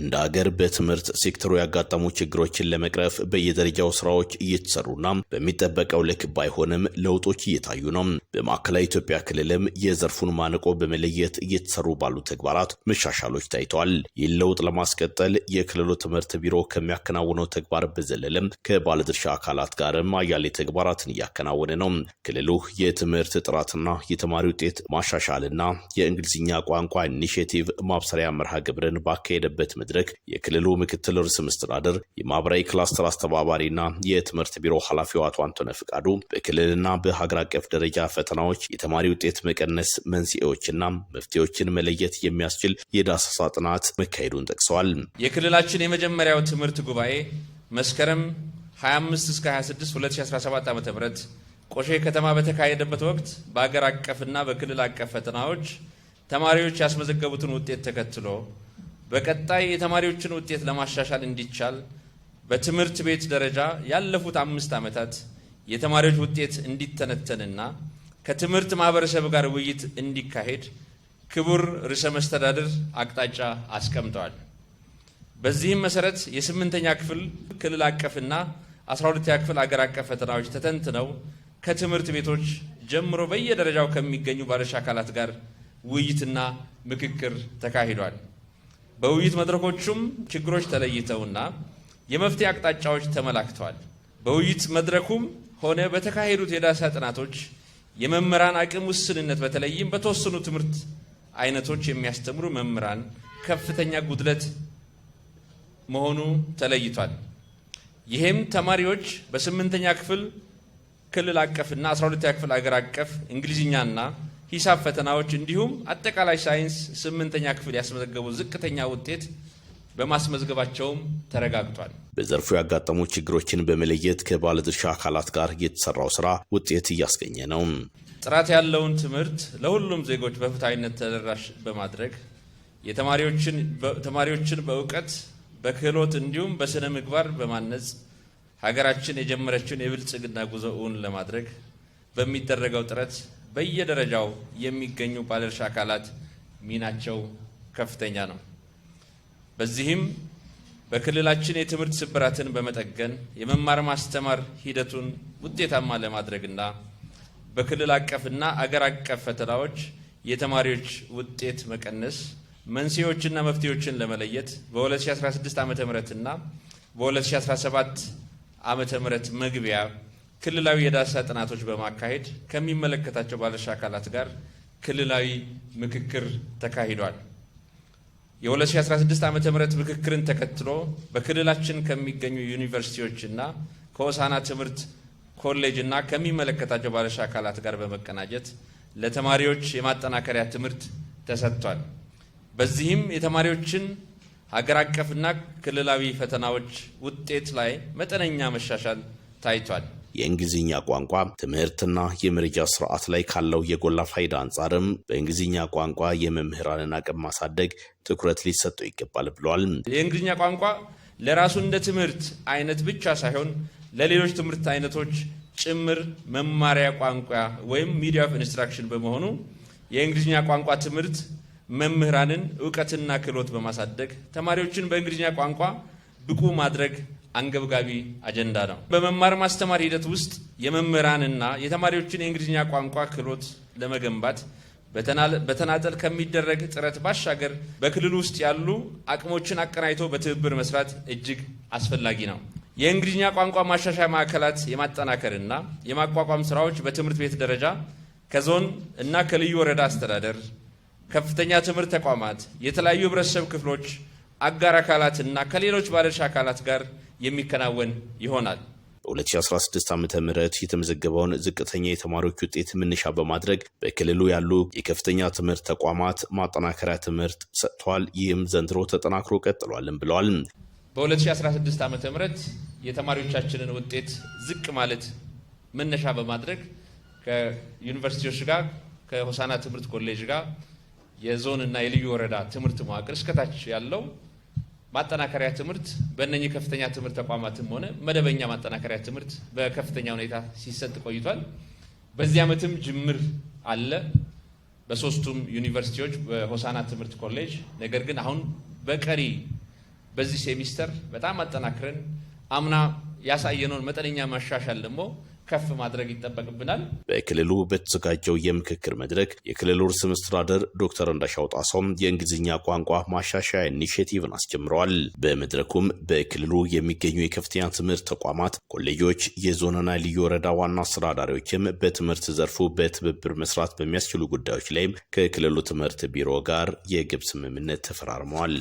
እንደ አገር በትምህርት ሴክተሩ ያጋጠሙ ችግሮችን ለመቅረፍ በየደረጃው ስራዎች እየተሰሩና በሚጠበቀው ልክ ባይሆንም ለውጦች እየታዩ ነው። በማዕከላዊ ኢትዮጵያ ክልልም የዘርፉን ማነቆ በመለየት እየተሰሩ ባሉ ተግባራት መሻሻሎች ታይተዋል። ይህን ለውጥ ለማስቀጠል የክልሉ ትምህርት ቢሮ ከሚያከናውነው ተግባር በዘለለም ከባለድርሻ አካላት ጋርም አያሌ ተግባራትን እያከናወነ ነው። ክልሉ የትምህርት ጥራትና የተማሪ ውጤት ማሻሻልና የእንግሊዝኛ ቋንቋ ኢኒሽቲቭ ማብሰሪያ መርሃ ግብርን ባካሄደበት መድረክ የክልሉ ምክትል ርዕሰ መስተዳደር የማህበራዊ ክላስተር አስተባባሪና የትምህርት ቢሮ ኃላፊው አቶ አንቶነ ፍቃዱ በክልልና በሀገር አቀፍ ደረጃ ፈተናዎች የተማሪ ውጤት መቀነስ መንስኤዎችና መፍትሄዎችን መለየት የሚያስችል የዳሰሳ ጥናት መካሄዱን ጠቅሰዋል። የክልላችን የመጀመሪያው ትምህርት ጉባኤ መስከረም 25 እስከ 26 2017 ዓ ም ቆሼ ከተማ በተካሄደበት ወቅት በአገር አቀፍና በክልል አቀፍ ፈተናዎች ተማሪዎች ያስመዘገቡትን ውጤት ተከትሎ በቀጣይ የተማሪዎችን ውጤት ለማሻሻል እንዲቻል በትምህርት ቤት ደረጃ ያለፉት አምስት ዓመታት የተማሪዎች ውጤት እንዲተነተንና ከትምህርት ማህበረሰብ ጋር ውይይት እንዲካሄድ ክቡር ርዕሰ መስተዳድር አቅጣጫ አስቀምጠዋል። በዚህም መሰረት የስምንተኛ ክፍል ክልል አቀፍና አስራ ሁለተኛ ክፍል አገር አቀፍ ፈተናዎች ተተንትነው ከትምህርት ቤቶች ጀምሮ በየደረጃው ከሚገኙ ባለድርሻ አካላት ጋር ውይይትና ምክክር ተካሂዷል። በውይይት መድረኮቹም ችግሮች ተለይተውና የመፍትሄ አቅጣጫዎች ተመላክተዋል። በውይይት መድረኩም ሆነ በተካሄዱት የዳሰሳ ጥናቶች የመምህራን አቅም ውስንነት በተለይም በተወሰኑ ትምህርት አይነቶች የሚያስተምሩ መምህራን ከፍተኛ ጉድለት መሆኑ ተለይቷል። ይህም ተማሪዎች በስምንተኛ ክፍል ክልል አቀፍና አስራ ሁለተኛ ክፍል አገር አቀፍ እንግሊዝኛና ሂሳብ ፈተናዎች እንዲሁም አጠቃላይ ሳይንስ ስምንተኛ ክፍል ያስመዘገቡ ዝቅተኛ ውጤት በማስመዝገባቸውም ተረጋግጧል። በዘርፉ ያጋጠሙ ችግሮችን በመለየት ከባለድርሻ አካላት ጋር የተሰራው ስራ ውጤት እያስገኘ ነው። ጥራት ያለውን ትምህርት ለሁሉም ዜጎች በፍትሐዊነት ተደራሽ በማድረግ ተማሪዎችን በእውቀት በክህሎት እንዲሁም በስነ ምግባር በማነጽ ሀገራችን የጀመረችውን የብልጽግና ጉዞውን ለማድረግ በሚደረገው ጥረት በየደረጃው የሚገኙ ባለድርሻ አካላት ሚናቸው ከፍተኛ ነው። በዚህም በክልላችን የትምህርት ስብራትን በመጠገን የመማር ማስተማር ሂደቱን ውጤታማ ለማድረግና በክልል አቀፍና አገር አቀፍ ፈተናዎች የተማሪዎች ውጤት መቀነስ መንስኤዎችና መፍትሄዎችን ለመለየት በ2016 ዓ ምና በ2017 ዓ.ም መግቢያ ክልላዊ የዳሰሳ ጥናቶች በማካሄድ ከሚመለከታቸው ባለድርሻ አካላት ጋር ክልላዊ ምክክር ተካሂዷል። የ2016 ዓ ም ምክክርን ተከትሎ በክልላችን ከሚገኙ ዩኒቨርሲቲዎችና ከወሳና ትምህርት ኮሌጅና ከሚመለከታቸው ባለድርሻ አካላት ጋር በመቀናጀት ለተማሪዎች የማጠናከሪያ ትምህርት ተሰጥቷል። በዚህም የተማሪዎችን ሀገር አቀፍና ክልላዊ ፈተናዎች ውጤት ላይ መጠነኛ መሻሻል ታይቷል። የእንግሊዝኛ ቋንቋ ትምህርትና የመረጃ ስርዓት ላይ ካለው የጎላ ፋይዳ አንጻርም በእንግሊዝኛ ቋንቋ የመምህራንን አቅም ማሳደግ ትኩረት ሊሰጠው ይገባል ብሏል። የእንግሊዝኛ ቋንቋ ለራሱ እንደ ትምህርት አይነት ብቻ ሳይሆን ለሌሎች ትምህርት አይነቶች ጭምር መማሪያ ቋንቋ ወይም ሚዲያ ኦፍ ኢንስትራክሽን በመሆኑ የእንግሊዝኛ ቋንቋ ትምህርት መምህራንን እውቀትና ክህሎት በማሳደግ ተማሪዎችን በእንግሊዝኛ ቋንቋ ብቁ ማድረግ አንገብጋቢ አጀንዳ ነው። በመማር ማስተማር ሂደት ውስጥ የመምህራንና የተማሪዎችን የእንግሊዝኛ ቋንቋ ክህሎት ለመገንባት በተናጠል ከሚደረግ ጥረት ባሻገር በክልል ውስጥ ያሉ አቅሞችን አቀናጅቶ በትብብር መስራት እጅግ አስፈላጊ ነው። የእንግሊዝኛ ቋንቋ ማሻሻያ ማዕከላት የማጠናከርና የማቋቋም ስራዎች በትምህርት ቤት ደረጃ ከዞን እና ከልዩ ወረዳ አስተዳደር፣ ከፍተኛ ትምህርት ተቋማት፣ የተለያዩ ህብረተሰብ ክፍሎች አጋር አካላት እና ከሌሎች ባለድርሻ አካላት ጋር የሚከናወን ይሆናል። በ2016 ዓ ም የተመዘገበውን ዝቅተኛ የተማሪዎች ውጤት መነሻ በማድረግ በክልሉ ያሉ የከፍተኛ ትምህርት ተቋማት ማጠናከሪያ ትምህርት ሰጥተዋል። ይህም ዘንድሮ ተጠናክሮ ቀጥሏልም ብለዋል። በ2016 ዓ ም የተማሪዎቻችንን ውጤት ዝቅ ማለት መነሻ በማድረግ ከዩኒቨርሲቲዎች ጋር ከሆሳና ትምህርት ኮሌጅ ጋር የዞንና የልዩ ወረዳ ትምህርት መዋቅር እስከታች ያለው ማጠናከሪያ ትምህርት በእነኚህ ከፍተኛ ትምህርት ተቋማትም ሆነ መደበኛ ማጠናከሪያ ትምህርት በከፍተኛ ሁኔታ ሲሰጥ ቆይቷል። በዚህ ዓመትም ጅምር አለ በሶስቱም ዩኒቨርሲቲዎች በሆሳና ትምህርት ኮሌጅ። ነገር ግን አሁን በቀሪ በዚህ ሴሚስተር በጣም አጠናክረን አምና ያሳየነውን መጠነኛ ማሻሻል ደግሞ ከፍ ማድረግ ይጠበቅብናል። በክልሉ በተዘጋጀው የምክክር መድረክ የክልሉ ርዕሰ መስተዳድር ዶክተር እንዳሻው ጣሰው የእንግሊዝኛ ቋንቋ ማሻሻያ ኢኒሽቲቭን አስጀምረዋል። በመድረኩም በክልሉ የሚገኙ የከፍተኛ ትምህርት ተቋማት፣ ኮሌጆች፣ የዞንና ልዩ ወረዳ ዋና አስተዳዳሪዎችም በትምህርት ዘርፉ በትብብር መስራት በሚያስችሉ ጉዳዮች ላይም ከክልሉ ትምህርት ቢሮ ጋር የግብ ስምምነት ተፈራርመዋል።